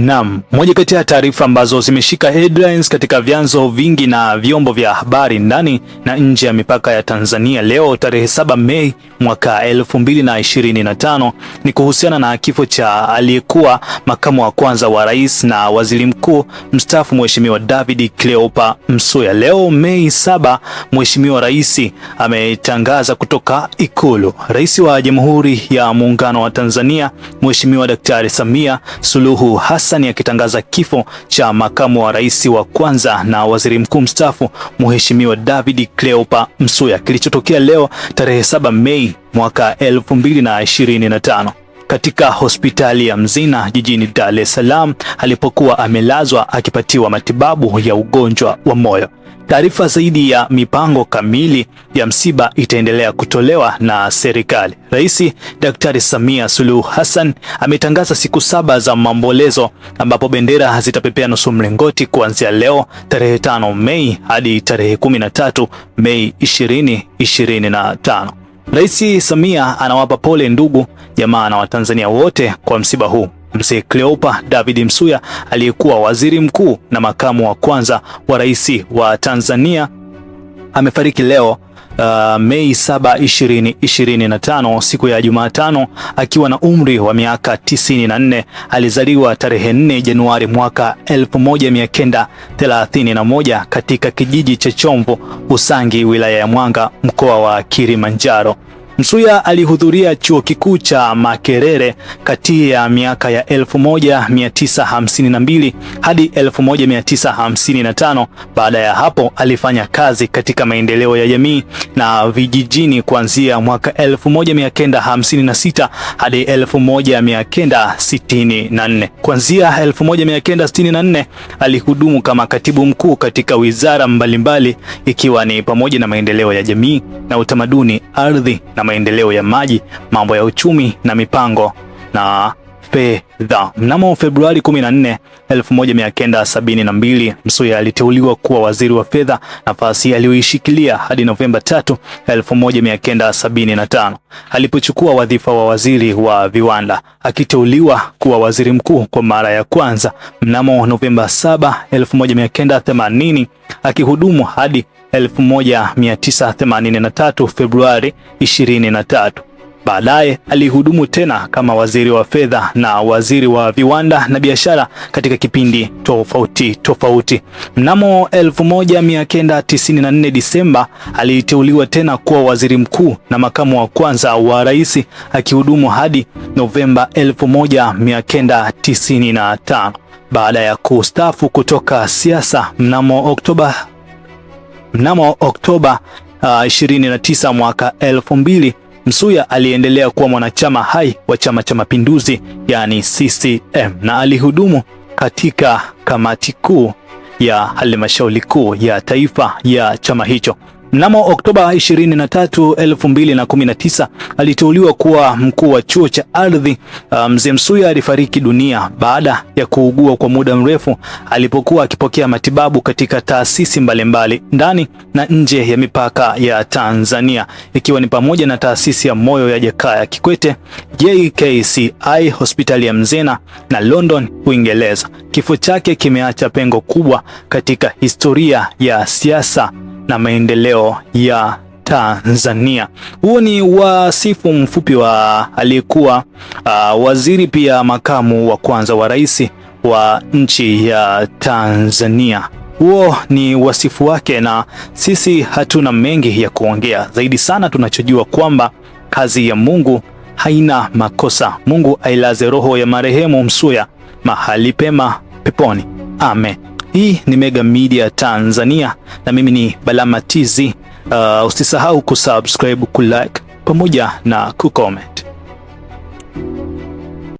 Naam, moja kati ya taarifa ambazo zimeshika headlines katika vyanzo vingi na vyombo vya habari ndani na nje ya mipaka ya Tanzania leo tarehe 7 Mei mwaka 2025 ni kuhusiana na kifo cha aliyekuwa makamu wa kwanza wa rais na waziri mkuu mstaafu Mheshimiwa David Cleopa Msuya. Leo Mei 7, Mheshimiwa Rais ametangaza kutoka Ikulu. Rais wa Jamhuri ya Muungano wa Tanzania Mheshimiwa Daktari Samia Suluhu Hassan Hassan akitangaza kifo cha makamu wa rais wa kwanza na waziri mkuu mstaafu Mheshimiwa David Cleopa Msuya kilichotokea leo tarehe 7 Mei mwaka 2025 katika hospitali ya Mzina jijini Dar es Salaam alipokuwa amelazwa akipatiwa matibabu ya ugonjwa wa moyo. Taarifa zaidi ya mipango kamili ya msiba itaendelea kutolewa na serikali. Rais Daktari Samia Suluhu Hassan ametangaza siku saba za maombolezo ambapo bendera zitapepea nusu mlingoti kuanzia leo tarehe 5 Mei hadi tarehe 13 Mei 2025. Rais Samia anawapa pole ndugu, jamaa na Watanzania wote kwa msiba huu. Mzee Cleopa David Msuya aliyekuwa waziri mkuu na makamu wa kwanza wa rais wa Tanzania amefariki leo uh, Mei 7, 2025 siku ya Jumatano akiwa na umri wa miaka 94. Alizaliwa tarehe 4 Januari mwaka 1931 katika kijiji cha Chombo Usangi wilaya ya Mwanga mkoa wa Kilimanjaro. Msuya alihudhuria chuo kikuu cha Makerere kati ya miaka ya 1952 hadi 1955. Baada ya hapo alifanya kazi katika maendeleo ya jamii na vijijini kuanzia mwaka 1956 hadi 1964. Kuanzia 1964 alihudumu kama katibu mkuu katika wizara mbalimbali ikiwa ni pamoja na maendeleo ya jamii na utamaduni, ardhi na maendeleo ya maji, mambo ya uchumi na mipango na fedha. Mnamo Februari 14, 1972, Msuya aliteuliwa kuwa waziri wa fedha, nafasi aliyoishikilia hadi Novemba 3, 1975, alipochukua wadhifa wa waziri wa viwanda, akiteuliwa kuwa waziri mkuu kwa mara ya kwanza mnamo Novemba 7, 1980, akihudumu hadi 1983 Februari 23. Baadaye alihudumu tena kama waziri wa fedha na waziri wa viwanda na biashara katika kipindi tofauti tofauti. Mnamo 1994 Disemba, aliteuliwa tena kuwa waziri mkuu na makamu wa kwanza wa rais, akihudumu hadi Novemba 1995 baada ya kustaafu kutoka siasa mnamo Oktoba Mnamo Oktoba uh, ah, 29 mwaka 2000 Msuya aliendelea kuwa mwanachama hai wa Chama cha Mapinduzi yani CCM na alihudumu katika kamati kuu ya halmashauri kuu ya taifa ya chama hicho. Mnamo Oktoba 23, 2019 aliteuliwa kuwa mkuu wa chuo cha ardhi. Uh, Mzee Msuya alifariki dunia baada ya kuugua kwa muda mrefu alipokuwa akipokea matibabu katika taasisi mbalimbali ndani na nje ya mipaka ya Tanzania, ikiwa ni pamoja na taasisi ya moyo ya Jakaya Kikwete, JKCI, hospitali ya Mzena na London, Uingereza. Kifo chake kimeacha pengo kubwa katika historia ya siasa na maendeleo ya Tanzania. Huo ni wasifu mfupi wa aliyekuwa uh, waziri pia makamu wa kwanza wa rais wa nchi ya Tanzania. Huo ni wasifu wake, na sisi hatuna mengi ya kuongea zaidi sana. Tunachojua kwamba kazi ya Mungu haina makosa. Mungu ailaze roho ya marehemu Msuya mahali pema peponi. Amen. Hii ni Mega Media Tanzania na mimi ni Balama TZ. Uh, ah, usisahau kusubscribe, kulike pamoja na kucomment.